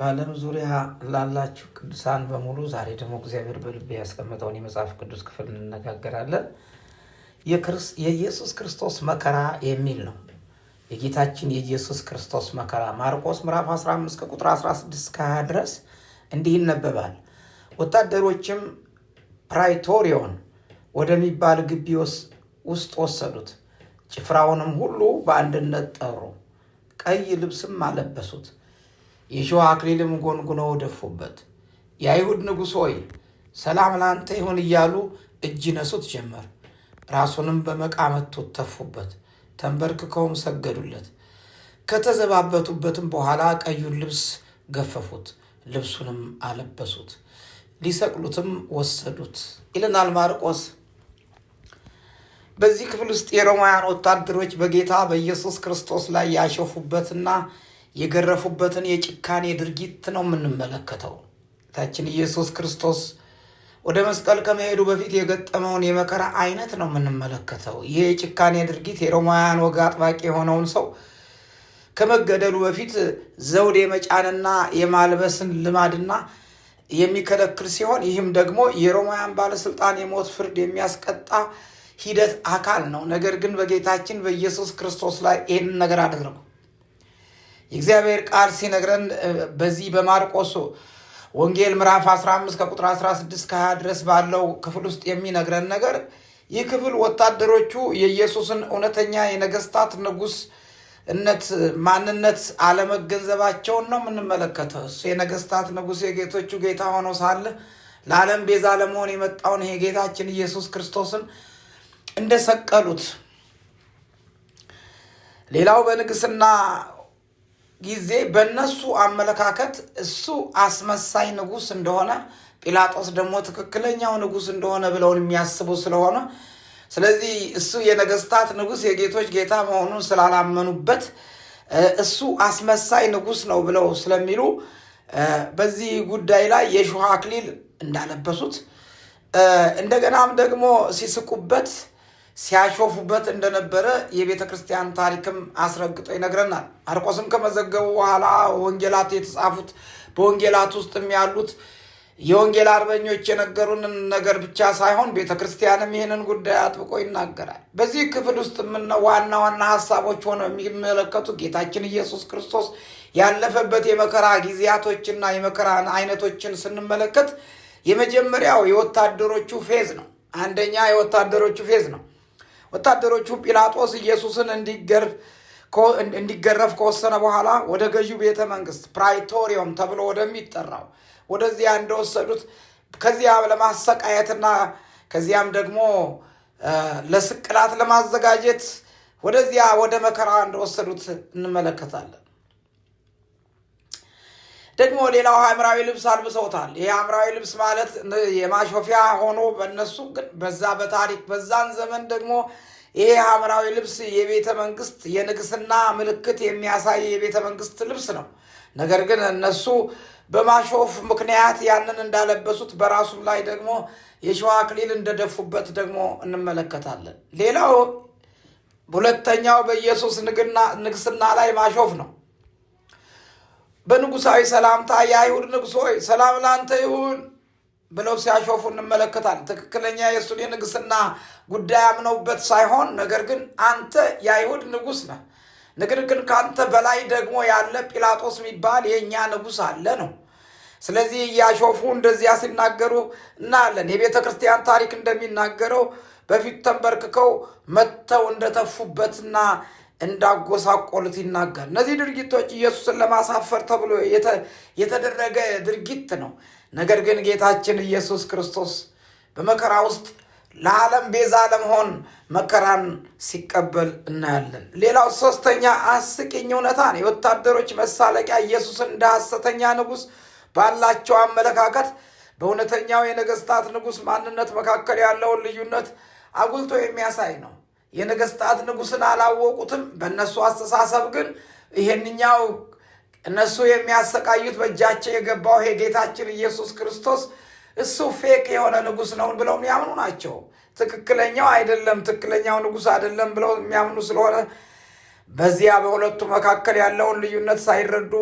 በዓለም ዙሪያ ላላችሁ ቅዱሳን በሙሉ ዛሬ ደግሞ እግዚአብሔር በልብ ያስቀመጠውን የመጽሐፍ ቅዱስ ክፍል እንነጋገራለን። የኢየሱስ ክርስቶስ መከራ የሚል ነው። የጌታችን የኢየሱስ ክርስቶስ መከራ ማርቆስ ምዕራፍ 15 ከቁጥር 16 እስከ 20 ድረስ እንዲህ ይነበባል። ወታደሮችም ፕራይቶሪዮን ወደሚባል ግቢ ውስጥ ወሰዱት። ጭፍራውንም ሁሉ በአንድነት ጠሩ፣ ቀይ ልብስም አለበሱት። የሸዋ አክሊልም ጎንጉነው ደፉበት። የአይሁድ ንጉሥ ሆይ ሰላም ለአንተ ይሁን እያሉ እጅ ነሱት ጀመር። ራሱንም በመቃ መቱት፣ ተፉበት፣ ተንበርክከውም ሰገዱለት። ከተዘባበቱበትም በኋላ ቀዩን ልብስ ገፈፉት፣ ልብሱንም አለበሱት፣ ሊሰቅሉትም ወሰዱት ይለናል ማርቆስ። በዚህ ክፍል ውስጥ የሮማውያን ወታደሮች በጌታ በኢየሱስ ክርስቶስ ላይ ያሸፉበትና የገረፉበትን የጭካኔ ድርጊት ነው የምንመለከተው። ጌታችን ኢየሱስ ክርስቶስ ወደ መስቀል ከመሄዱ በፊት የገጠመውን የመከራ አይነት ነው የምንመለከተው። ይህ የጭካኔ ድርጊት የሮማውያን ወግ አጥባቂ የሆነውን ሰው ከመገደሉ በፊት ዘውድ የመጫንና የማልበስን ልማድና የሚከለክል ሲሆን ይህም ደግሞ የሮማውያን ባለስልጣን የሞት ፍርድ የሚያስቀጣ ሂደት አካል ነው። ነገር ግን በጌታችን በኢየሱስ ክርስቶስ ላይ ይህንን ነገር አደረጉ። የእግዚአብሔር ቃል ሲነግረን በዚህ በማርቆስ ወንጌል ምዕራፍ 15 ከቁጥር 16 ከ20 ድረስ ባለው ክፍል ውስጥ የሚነግረን ነገር ይህ ክፍል ወታደሮቹ የኢየሱስን እውነተኛ የነገስታት እነት ማንነት አለመገንዘባቸውን ነው የምንመለከተው። እሱ የነገስታት ንጉስ የጌቶቹ ጌታ ሆኖ ሳለ ለዓለም ቤዛ ለመሆን የመጣውን ይሄ ጌታችን ኢየሱስ ክርስቶስን እንደሰቀሉት ሌላው በንግስና ጊዜ በእነሱ አመለካከት እሱ አስመሳይ ንጉስ እንደሆነ ጲላጦስ ደግሞ ትክክለኛው ንጉስ እንደሆነ ብለውን የሚያስቡ ስለሆነ ስለዚህ እሱ የነገስታት ንጉስ የጌቶች ጌታ መሆኑን ስላላመኑበት እሱ አስመሳይ ንጉስ ነው ብለው ስለሚሉ በዚህ ጉዳይ ላይ የእሾህ አክሊል እንዳለበሱት እንደገናም ደግሞ ሲስቁበት ሲያሾፉበት እንደነበረ የቤተ ክርስቲያን ታሪክም አስረግጦ ይነግረናል። ማርቆስም ከመዘገቡ በኋላ ወንጌላት የተጻፉት በወንጌላት ውስጥም ያሉት የወንጌል አርበኞች የነገሩንን ነገር ብቻ ሳይሆን ቤተ ክርስቲያንም ይህንን ጉዳይ አጥብቆ ይናገራል። በዚህ ክፍል ውስጥ ዋና ዋና ሀሳቦች ሆነ የሚመለከቱ ጌታችን ኢየሱስ ክርስቶስ ያለፈበት የመከራ ጊዜያቶችና የመከራ አይነቶችን ስንመለከት የመጀመሪያው የወታደሮቹ ፌዝ ነው። አንደኛ የወታደሮቹ ፌዝ ነው። ወታደሮቹ ጲላጦስ ኢየሱስን እንዲገረፍ ከወሰነ በኋላ ወደ ገዢው ቤተ መንግስት ፕራይቶሪየም ተብሎ ወደሚጠራው ወደዚያ እንደወሰዱት ከዚያ ለማሰቃየትና ከዚያም ደግሞ ለስቅላት ለማዘጋጀት ወደዚያ ወደ መከራ እንደወሰዱት እንመለከታለን። ደግሞ ሌላው ሐምራዊ ልብስ አልብሰውታል። ይህ ሐምራዊ ልብስ ማለት የማሾፊያ ሆኖ በእነሱ ግን በዛ በታሪክ በዛን ዘመን ደግሞ ይሄ ሐምራዊ ልብስ የቤተ መንግስት የንግስና ምልክት የሚያሳይ የቤተ መንግስት ልብስ ነው። ነገር ግን እነሱ በማሾፍ ምክንያት ያንን እንዳለበሱት በራሱም ላይ ደግሞ የሸዋ አክሊል እንደደፉበት ደግሞ እንመለከታለን። ሌላው ሁለተኛው በኢየሱስ ንግስና ላይ ማሾፍ ነው። በንጉሳዊ ሰላምታ የአይሁድ ንጉሥ ሆይ ሰላም ላንተ ይሁን ብለው ሲያሾፉ እንመለከታል። ትክክለኛ የእሱን የንግስና ጉዳይ አምነውበት ሳይሆን ነገር ግን አንተ የአይሁድ ንጉስ ነህ፣ ነገር ግን ከአንተ በላይ ደግሞ ያለ ጲላጦስ የሚባል የእኛ ንጉስ አለ ነው። ስለዚህ እያሾፉ እንደዚያ ሲናገሩ እናያለን። የቤተ ክርስቲያን ታሪክ እንደሚናገረው በፊት ተንበርክከው መጥተው እንደተፉበትና እንዳጎሳቆሉት ይናገር። እነዚህ ድርጊቶች ኢየሱስን ለማሳፈር ተብሎ የተደረገ ድርጊት ነው። ነገር ግን ጌታችን ኢየሱስ ክርስቶስ በመከራ ውስጥ ለዓለም ቤዛ ለመሆን መከራን ሲቀበል እናያለን። ሌላው ሶስተኛ አስቂኝ እውነታ ነው። የወታደሮች መሳለቂያ ኢየሱስን እንደ ሐሰተኛ ንጉሥ ባላቸው አመለካከት በእውነተኛው የነገስታት ንጉሥ ማንነት መካከል ያለውን ልዩነት አጉልቶ የሚያሳይ ነው። የነገስታት ንጉስን አላወቁትም። በእነሱ አስተሳሰብ ግን ይሄንኛው እነሱ የሚያሰቃዩት በእጃቸው የገባው የጌታችን ኢየሱስ ክርስቶስ እሱ ፌክ የሆነ ንጉስ ነው ብለው የሚያምኑ ናቸው። ትክክለኛው አይደለም፣ ትክክለኛው ንጉስ አይደለም ብለው የሚያምኑ ስለሆነ በዚያ በሁለቱ መካከል ያለውን ልዩነት ሳይረዱ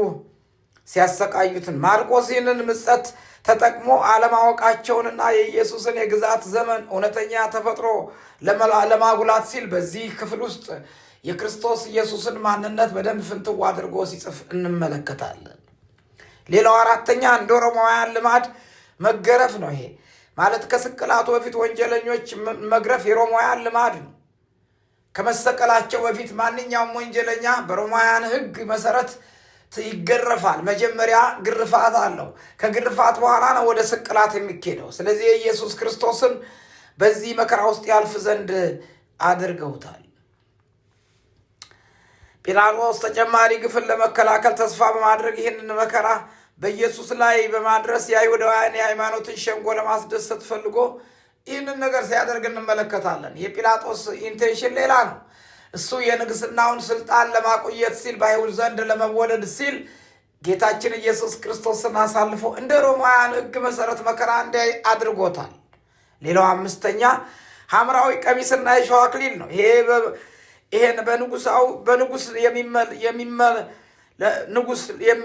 ሲያሰቃዩትን ማርቆስ ይህንን ምጸት ተጠቅሞ አለማወቃቸውንና የኢየሱስን የግዛት ዘመን እውነተኛ ተፈጥሮ ለማጉላት ሲል በዚህ ክፍል ውስጥ የክርስቶስ ኢየሱስን ማንነት በደንብ ፍንትው አድርጎ ሲጽፍ እንመለከታለን። ሌላው አራተኛ እንደ ሮማውያን ልማድ መገረፍ ነው። ይሄ ማለት ከስቅላቱ በፊት ወንጀለኞች መግረፍ የሮማውያን ልማድ ነው። ከመሰቀላቸው በፊት ማንኛውም ወንጀለኛ በሮማውያን ሕግ መሰረት ይገረፋል። መጀመሪያ ግርፋት አለው። ከግርፋት በኋላ ነው ወደ ስቅላት የሚኬደው። ስለዚህ የኢየሱስ ክርስቶስን በዚህ መከራ ውስጥ ያልፍ ዘንድ አድርገውታል። ጲላጦስ ተጨማሪ ግፍን ለመከላከል ተስፋ በማድረግ ይህንን መከራ በኢየሱስ ላይ በማድረስ የአይሁዳውያን የሃይማኖትን ሸንጎ ለማስደሰት ፈልጎ ይህንን ነገር ሲያደርግ እንመለከታለን። የጲላጦስ ኢንቴንሽን ሌላ ነው። እሱ የንግስናውን ስልጣን ለማቆየት ሲል በአይሁድ ዘንድ ለመወደድ ሲል ጌታችን ኢየሱስ ክርስቶስን አሳልፎ እንደ ሮማውያን ሕግ መሰረት መከራ እንዲያይ አድርጎታል። ሌላው አምስተኛ ሐምራዊ ቀሚስና የሸዋ አክሊል ነው። ይሄ ይሄን በንጉሳው በንጉስ ንጉስ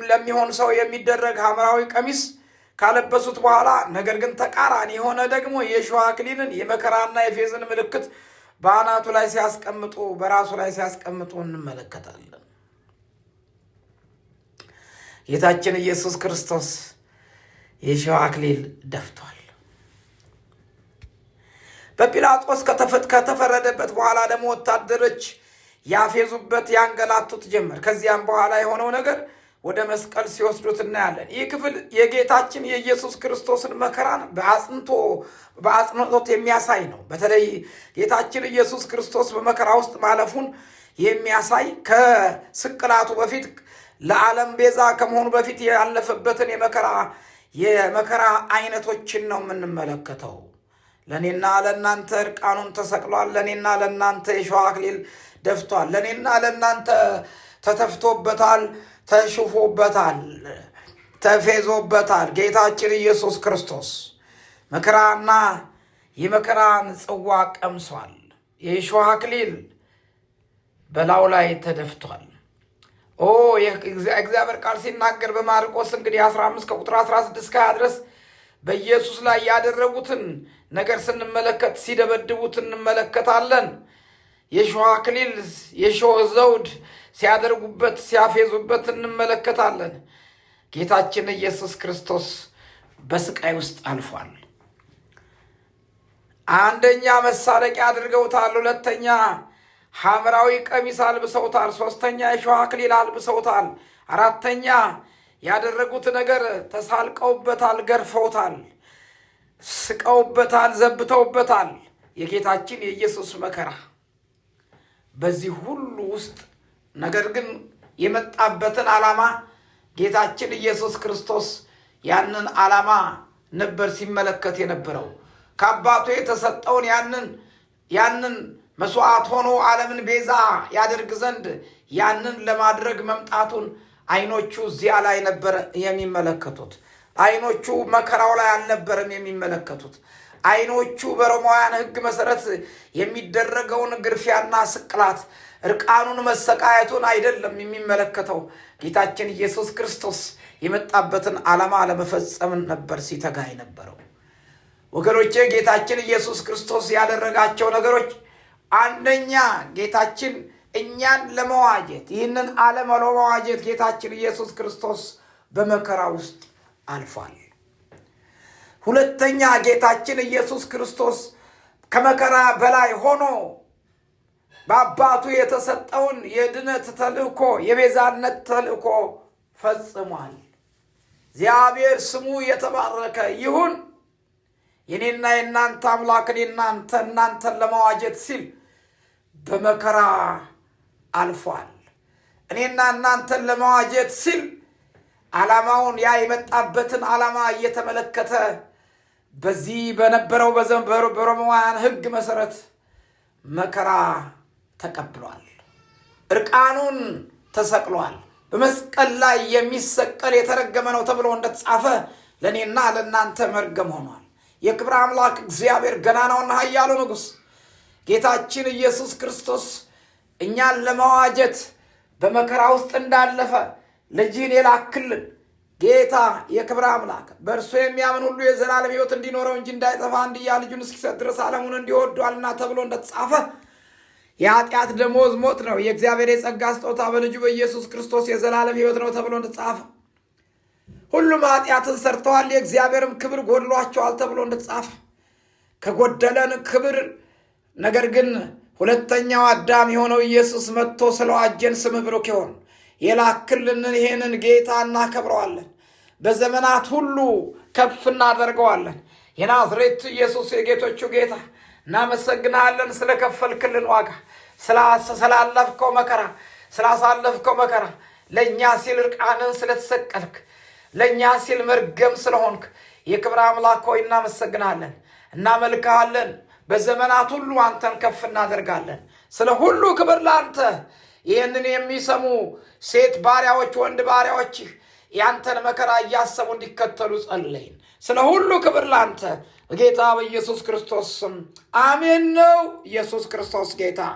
ለሚሆን ሰው የሚደረግ ሐምራዊ ቀሚስ ካለበሱት በኋላ ነገር ግን ተቃራኒ የሆነ ደግሞ የሸዋ አክሊልን የመከራና የፌዝን ምልክት በአናቱ ላይ ሲያስቀምጡ፣ በራሱ ላይ ሲያስቀምጡ እንመለከታለን። ጌታችን ኢየሱስ ክርስቶስ የሸዋ አክሊል ደፍቷል። በጲላጦስ ከተፈረደበት በኋላ ደግሞ ወታደሮች ያፌዙበት ያንገላቱት ጀመር። ከዚያም በኋላ የሆነው ነገር ወደ መስቀል ሲወስዱት እናያለን። ይህ ክፍል የጌታችን የኢየሱስ ክርስቶስን መከራን በአጽንቶ በአጽንቶት የሚያሳይ ነው። በተለይ ጌታችን ኢየሱስ ክርስቶስ በመከራ ውስጥ ማለፉን የሚያሳይ ከስቅላቱ በፊት ለዓለም ቤዛ ከመሆኑ በፊት ያለፈበትን የመከራ የመከራ አይነቶችን ነው የምንመለከተው። ለእኔና ለእናንተ እርቃኑን ተሰቅሏል። ለእኔና ለእናንተ የሸዋ አክሊል ደፍቷል። ለእኔና ለእናንተ ተተፍቶበታል። ተሽፎበታል፣ ተፌዞበታል። ጌታችን ኢየሱስ ክርስቶስ መከራና የመከራን ጽዋ ቀምሷል። የእሾህ አክሊል በላዩ ላይ ተደፍቷል። ኦ የእግዚአብሔር ቃል ሲናገር በማርቆስ እንግዲህ 15 ከቁጥር 16 ከ20 ድረስ በኢየሱስ ላይ ያደረጉትን ነገር ስንመለከት ሲደበድቡት እንመለከታለን። የሾህ አክሊል፣ የሾህ ዘውድ ሲያደርጉበት፣ ሲያፌዙበት እንመለከታለን። ጌታችን ኢየሱስ ክርስቶስ በስቃይ ውስጥ አልፏል። አንደኛ መሳለቂያ አድርገውታል። ሁለተኛ ሐምራዊ ቀሚስ አልብሰውታል። ሶስተኛ የሸዋ አክሊል አልብሰውታል። አራተኛ ያደረጉት ነገር ተሳልቀውበታል፣ ገርፈውታል፣ ስቀውበታል፣ ዘብተውበታል። የጌታችን የኢየሱስ መከራ በዚህ ሁሉ ውስጥ ነገር ግን የመጣበትን ዓላማ ጌታችን ኢየሱስ ክርስቶስ ያንን ዓላማ ነበር ሲመለከት የነበረው። ከአባቱ የተሰጠውን ያንን ያንን መስዋዕት ሆኖ ዓለምን ቤዛ ያደርግ ዘንድ ያንን ለማድረግ መምጣቱን አይኖቹ እዚያ ላይ ነበር የሚመለከቱት። አይኖቹ መከራው ላይ አልነበረም የሚመለከቱት። አይኖቹ በሮማውያን ሕግ መሰረት የሚደረገውን ግርፊያና ስቅላት እርቃኑን መሰቃየቱን አይደለም የሚመለከተው። ጌታችን ኢየሱስ ክርስቶስ የመጣበትን ዓላማ ለመፈጸም ነበር ሲተጋ የነበረው። ወገኖቼ ጌታችን ኢየሱስ ክርስቶስ ያደረጋቸው ነገሮች አንደኛ ጌታችን እኛን ለመዋጀት ይህንን ዓለም ለመዋጀት ጌታችን ኢየሱስ ክርስቶስ በመከራ ውስጥ አልፏል። ሁለተኛ ጌታችን ኢየሱስ ክርስቶስ ከመከራ በላይ ሆኖ በአባቱ የተሰጠውን የድነት ተልእኮ የቤዛነት ተልእኮ ፈጽሟል። እግዚአብሔር ስሙ የተባረከ ይሁን። የኔና የእናንተ አምላክን የናንተ እናንተን ለመዋጀት ሲል በመከራ አልፏል። እኔና እናንተን ለመዋጀት ሲል ዓላማውን ያ የመጣበትን ዓላማ እየተመለከተ በዚህ በነበረው በሮማውያን ሕግ መሰረት መከራ ተቀብሏል። እርቃኑን ተሰቅሏል። በመስቀል ላይ የሚሰቀል የተረገመ ነው ተብሎ እንደተጻፈ ለእኔና ለእናንተ መርገም ሆኗል። የክብር አምላክ እግዚአብሔር ገናናውና ኃያሉ ንጉሥ ጌታችን ኢየሱስ ክርስቶስ እኛን ለመዋጀት በመከራ ውስጥ እንዳለፈ ልጅን የላክልን ጌታ የክብር አምላክ በእርሱ የሚያምን ሁሉ የዘላለም ሕይወት እንዲኖረው እንጂ እንዳይጠፋ እንድያ ልጁን እስኪሰጥ ድረስ ዓለሙን እንዲወዷልና ተብሎ እንደተጻፈ የኃጢአት ደሞዝ ሞት ነው፣ የእግዚአብሔር የጸጋ ስጦታ በልጁ በኢየሱስ ክርስቶስ የዘላለም ሕይወት ነው ተብሎ እንደተጻፈ ሁሉም ኃጢአትን ሰርተዋል፣ የእግዚአብሔርም ክብር ጎድሏቸዋል ተብሎ እንደተጻፈ ከጎደለን ክብር ነገር ግን ሁለተኛው አዳም የሆነው ኢየሱስ መጥቶ ስለዋጀን ስም ብሩክ ይሆን የላክልንን ይሄንን ጌታ እናከብረዋለን፣ በዘመናት ሁሉ ከፍ እናደርገዋለን። የናዝሬት ኢየሱስ የጌቶቹ ጌታ እናመሰግናለን ስለከፈልክልን ዋጋ፣ ስላለፍከው መከራ፣ ስላሳለፍከው መከራ፣ ለእኛ ሲል እርቃንን ስለተሰቀልክ፣ ለእኛ ሲል መርገም ስለሆንክ የክብር አምላክ ሆይ እናመሰግናለን፣ እናመልክሃለን። በዘመናት ሁሉ አንተን ከፍ እናደርጋለን። ስለ ሁሉ ክብር ለአንተ። ይህንን የሚሰሙ ሴት ባሪያዎች፣ ወንድ ባሪያዎችህ ያንተን መከራ እያሰቡ እንዲከተሉ ጸልይን ስለ ሁሉ ክብር ለአንተ በጌታ በኢየሱስ ክርስቶስ ስም አሜን ነው። ኢየሱስ ክርስቶስ ጌታ